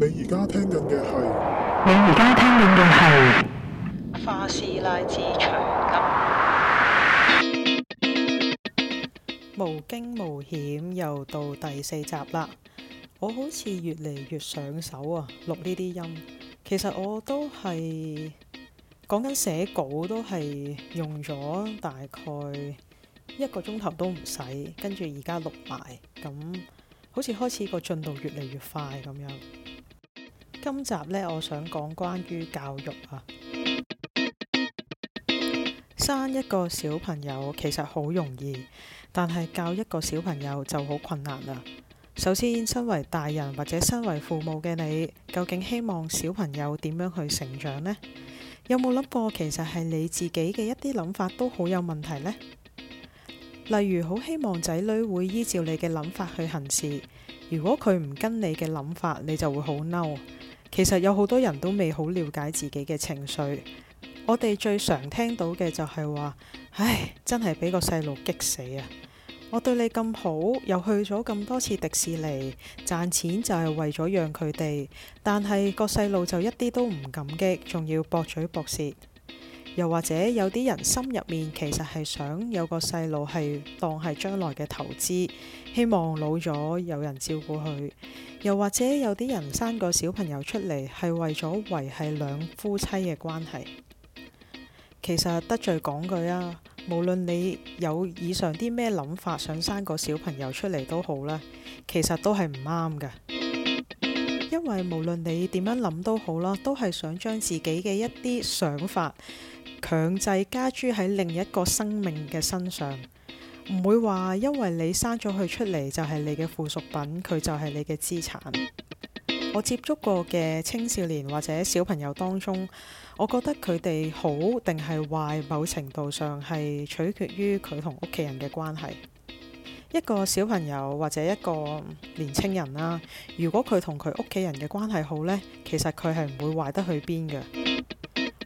你而家聽緊嘅係，你而家聽緊嘅係《花師奶之長今》。無驚無險又到第四集啦，我好似越嚟越上手啊！錄呢啲音，其實我都係講緊寫稿，都係用咗大概一個鐘頭都唔使，跟住而家錄埋，咁好似開始個進度越嚟越快咁樣。今集呢，我想講關於教育啊。生一個小朋友其實好容易，但係教一個小朋友就好困難啦。首先，身為大人或者身為父母嘅你，究竟希望小朋友點樣去成長呢？有冇諗過，其實係你自己嘅一啲諗法都好有問題呢？例如，好希望仔女會依照你嘅諗法去行事，如果佢唔跟你嘅諗法，你就會好嬲。其實有好多人都未好了解自己嘅情緒，我哋最常聽到嘅就係話：唉，真係俾個細路激死啊！我對你咁好，又去咗咁多次迪士尼，賺錢就係為咗讓佢哋，但係個細路就一啲都唔感激，仲要駁嘴駁舌。又或者有啲人心入面，其實係想有個細路係當係將來嘅投資，希望老咗有人照顧佢。又或者有啲人生個小朋友出嚟係為咗維繫兩夫妻嘅關係，其實得罪講句啊，無論你有以上啲咩諗法，想生個小朋友出嚟都好啦，其實都係唔啱嘅。因為無論你點樣諗都好啦，都係想將自己嘅一啲想法強制加諸喺另一個生命嘅身上，唔會話因為你生咗佢出嚟就係你嘅附屬品，佢就係你嘅資產。我接觸過嘅青少年或者小朋友當中，我覺得佢哋好定係壞，某程度上係取決於佢同屋企人嘅關係。一個小朋友或者一個年輕人啦，如果佢同佢屋企人嘅關係好呢，其實佢係唔會壞得去邊嘅。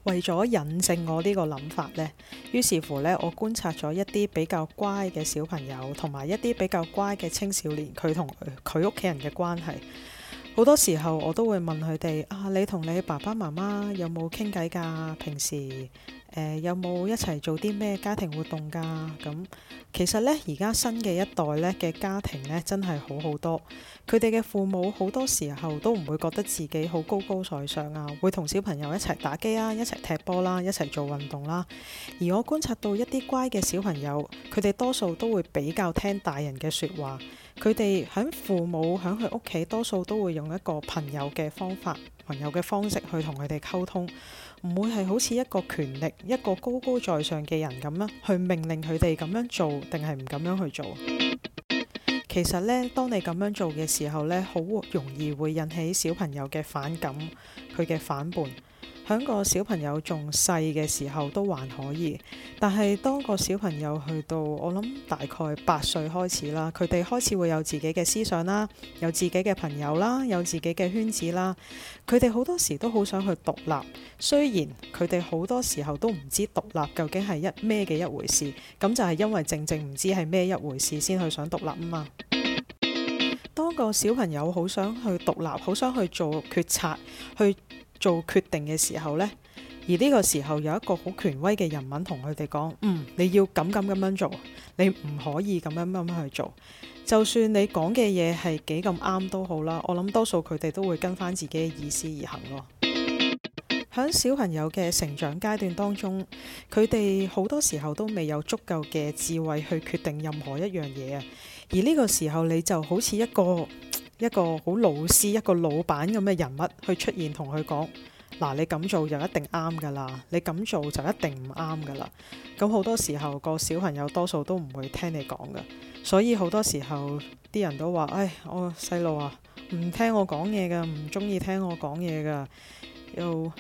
為咗引證我呢個諗法呢，於是乎呢，我觀察咗一啲比較乖嘅小朋友同埋一啲比較乖嘅青少年，佢同佢屋企人嘅關係。好多時候我都會問佢哋：啊，你同你爸爸媽媽有冇傾偈㗎？平時。誒有冇一齊做啲咩家庭活動㗎？咁其實呢，而家新嘅一代呢嘅家庭呢，真係好好多。佢哋嘅父母好多時候都唔會覺得自己好高高在上啊，會同小朋友一齊打機啊、一齊踢波啦，一齊做運動啦。而我觀察到一啲乖嘅小朋友，佢哋多數都會比較聽大人嘅説話。佢哋喺父母喺佢屋企，多數都會用一個朋友嘅方法、朋友嘅方式去同佢哋溝通。唔會係好似一個權力、一個高高在上嘅人咁樣，去命令佢哋咁樣做，定係唔咁樣去做？其實呢，當你咁樣做嘅時候呢，好容易會引起小朋友嘅反感，佢嘅反叛。喺個小朋友仲細嘅時候都還可以，但係當個小朋友去到我諗大概八歲開始啦，佢哋開始會有自己嘅思想啦，有自己嘅朋友啦，有自己嘅圈子啦。佢哋好多時都好想去獨立，雖然佢哋好多時候都唔知獨立究竟係一咩嘅一回事，咁就係因為正正唔知係咩一回事先去想獨立啊嘛。當個小朋友好想去獨立，好想去做決策、去做決定嘅時候呢，而呢個時候有一個好權威嘅人物同佢哋講：嗯，你要咁咁咁樣做，你唔可以咁樣咁樣去做。就算你講嘅嘢係幾咁啱都好啦，我諗多數佢哋都會跟翻自己嘅意思而行咯。喺小朋友嘅成長階段當中，佢哋好多時候都未有足夠嘅智慧去決定任何一樣嘢啊。而呢個時候，你就好似一個一個好老師、一個老闆咁嘅人物去出現，同佢講，嗱，你咁做就一定啱噶啦，你咁做就一定唔啱噶啦。咁好多時候，個小朋友多數都唔會聽你講噶，所以好多時候啲人都話：唉，我細路啊，唔聽我講嘢噶，唔中意聽我講嘢噶，又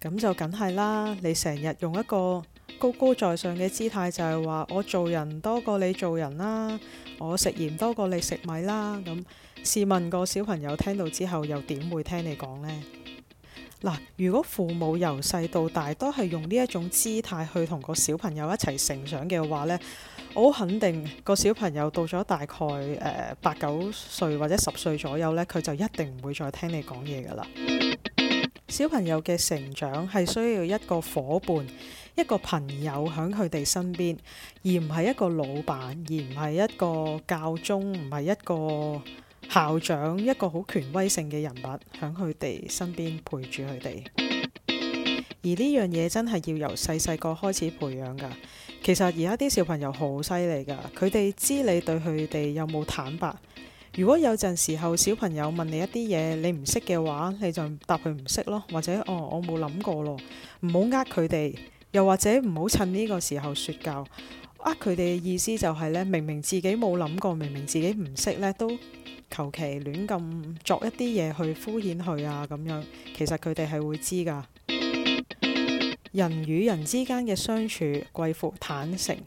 咁就梗係啦。你成日用一個高高在上嘅姿態，就係話我做人多過你做人啦。我食鹽多過你食米啦，咁試問個小朋友聽到之後又點會聽你講呢？嗱，如果父母由細到大都係用呢一種姿態去同個小朋友一齊成長嘅話呢，我好肯定個小朋友到咗大概誒八九歲或者十歲左右呢，佢就一定唔會再聽你講嘢噶啦。小朋友嘅成長係需要一個伙伴、一個朋友喺佢哋身邊，而唔係一個老闆，而唔係一個教宗，唔係一個校長，一個好權威性嘅人物喺佢哋身邊陪住佢哋。而呢樣嘢真係要由細細個開始培養㗎。其實而家啲小朋友好犀利㗎，佢哋知你對佢哋有冇坦白。如果有陣時候小朋友問你一啲嘢你唔識嘅話，你就答佢唔識咯，或者哦，我冇諗過咯，唔好呃佢哋，又或者唔好趁呢個時候說教，呃佢哋嘅意思就係呢：明明自己冇諗過，明明自己唔識呢，都求其亂咁作一啲嘢去敷衍佢啊，咁樣，其實佢哋係會知噶。人與人之間嘅相處貴乎坦誠。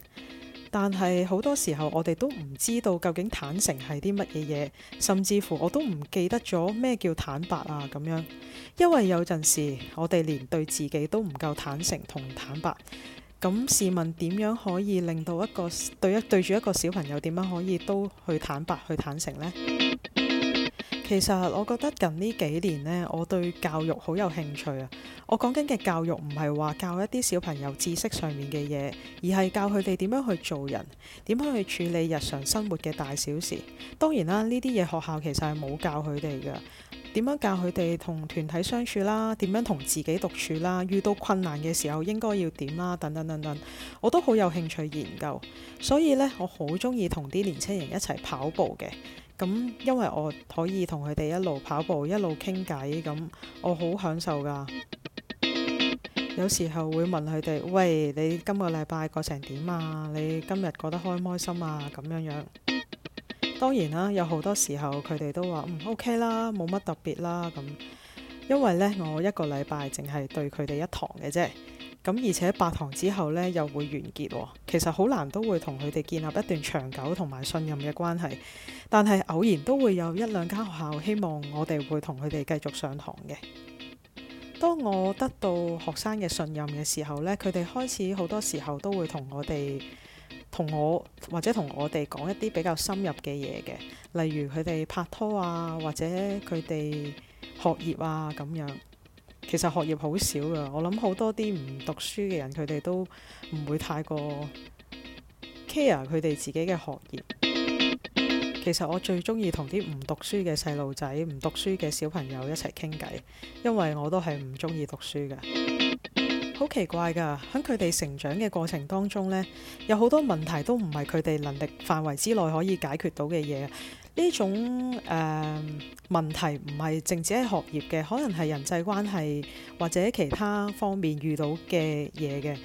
但係好多時候，我哋都唔知道究竟坦誠係啲乜嘢嘢，甚至乎我都唔記得咗咩叫坦白啊咁樣。因為有陣時，我哋連對自己都唔夠坦誠同坦白。咁試問點樣可以令到一個對一對住一個小朋友點樣可以都去坦白去坦誠呢？其實我覺得近呢幾年呢，我對教育好有興趣啊！我講緊嘅教育唔係話教一啲小朋友知識上面嘅嘢，而係教佢哋點樣去做人，點樣去處理日常生活嘅大小事。當然啦，呢啲嘢學校其實係冇教佢哋嘅。點樣教佢哋同團體相處啦？點樣同自己獨處啦？遇到困難嘅時候應該要點啦？等等等等，我都好有興趣研究。所以呢，我好鍾意同啲年輕人一齊跑步嘅。咁因為我可以同佢哋一路跑步一路傾偈，咁我好享受㗎。有時候會問佢哋：喂，你今個禮拜過成點啊？你今日過得開唔開心啊？咁樣樣。當然啦，有好多時候佢哋都話：嗯，OK 啦，冇乜特別啦。咁因為呢，我一個禮拜淨係對佢哋一堂嘅啫。咁而且八堂之後呢，又會完結喎、哦，其實好難都會同佢哋建立一段長久同埋信任嘅關係，但係偶然都會有一兩間學校希望我哋會同佢哋繼續上堂嘅。當我得到學生嘅信任嘅時候呢，佢哋開始好多時候都會同我哋同我或者同我哋講一啲比較深入嘅嘢嘅，例如佢哋拍拖啊，或者佢哋學業啊咁樣。其實學業好少㗎，我諗好多啲唔讀書嘅人，佢哋都唔會太過 care 佢哋自己嘅學業。其實我最中意同啲唔讀書嘅細路仔、唔讀書嘅小朋友一齊傾偈，因為我都係唔中意讀書㗎。好奇怪噶，喺佢哋成長嘅過程當中呢，有好多問題都唔係佢哋能力範圍之內可以解決到嘅嘢。呢種誒、呃、問題唔係淨止係學業嘅，可能係人際關係或者其他方面遇到嘅嘢嘅。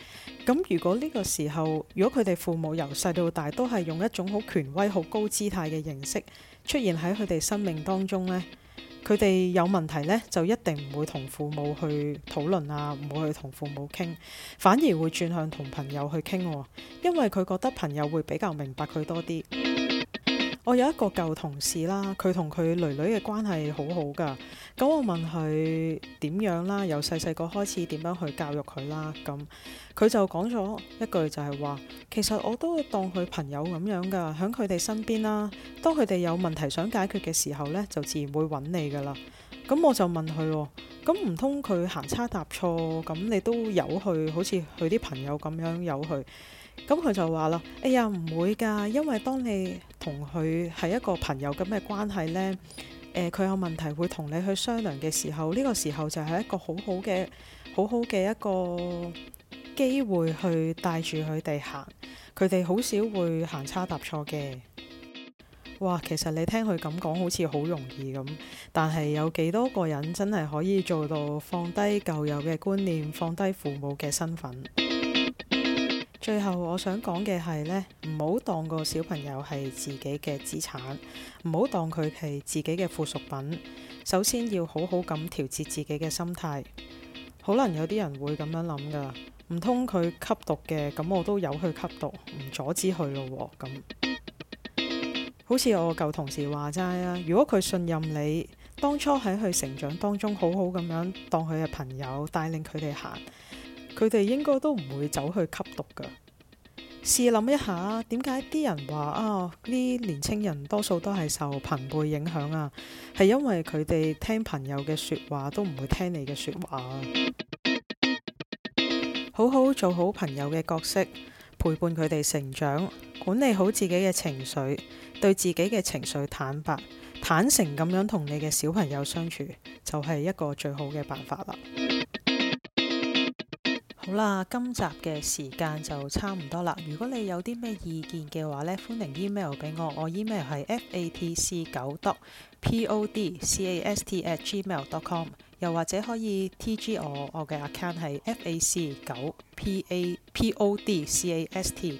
咁如果呢個時候，如果佢哋父母由細到大都係用一種好權威、好高姿態嘅形式出現喺佢哋生命當中呢。佢哋有問題呢，就一定唔會同父母去討論呀，唔會去同父母傾，反而會轉向同朋友去傾，因為佢覺得朋友會比較明白佢多啲。我有一個舊同事啦，佢同佢女女嘅關係好好噶。咁我問佢點樣啦，由細細個開始點樣去教育佢啦。咁佢就講咗一句就係話，其實我都會當佢朋友咁樣噶，喺佢哋身邊啦，當佢哋有問題想解決嘅時候呢，就自然會揾你噶啦。咁我就問佢喎、哦，咁唔通佢行差踏錯，咁你都有佢，好似佢啲朋友咁樣有佢。咁佢就話啦，哎呀，唔會㗎，因為當你同佢係一個朋友咁嘅關係呢，呃、佢有問題會同你去商量嘅時候，呢個時候就係一個好好嘅、好好嘅一個機會去帶住佢哋行，佢哋好少會行差踏錯嘅。哇，其實你聽佢咁講好似好容易咁，但係有幾多個人真係可以做到放低舊有嘅觀念，放低父母嘅身份？ 最後我想講嘅係呢：唔好當個小朋友係自己嘅資產，唔好當佢係自己嘅附屬品。首先要好好咁調節自己嘅心態。可能有啲人會咁樣諗㗎，唔通佢吸毒嘅，咁我都由佢吸毒，唔阻止佢咯喎咁。好似我舊同事話齋啊，如果佢信任你，當初喺佢成長當中好好咁樣當佢嘅朋友，帶領佢哋行，佢哋應該都唔會走去吸毒㗎。試諗一下，點解啲人話啊？啲、哦、年青人多數都係受朋輩影響啊，係因為佢哋聽朋友嘅說話都唔會聽你嘅說話啊。好好做好朋友嘅角色，陪伴佢哋成長，管理好自己嘅情緒。對自己嘅情緒坦白、坦誠咁樣同你嘅小朋友相處，就係、是、一個最好嘅辦法啦。好啦，今集嘅時間就差唔多啦。如果你有啲咩意見嘅話呢，歡迎 email 俾我，我 email 係 f a t c 九 dot p o d c a s t at gmail dot com，又或者可以 t g 我，我嘅 account 係 f ac 9. a c 九 p a p o d c a s t。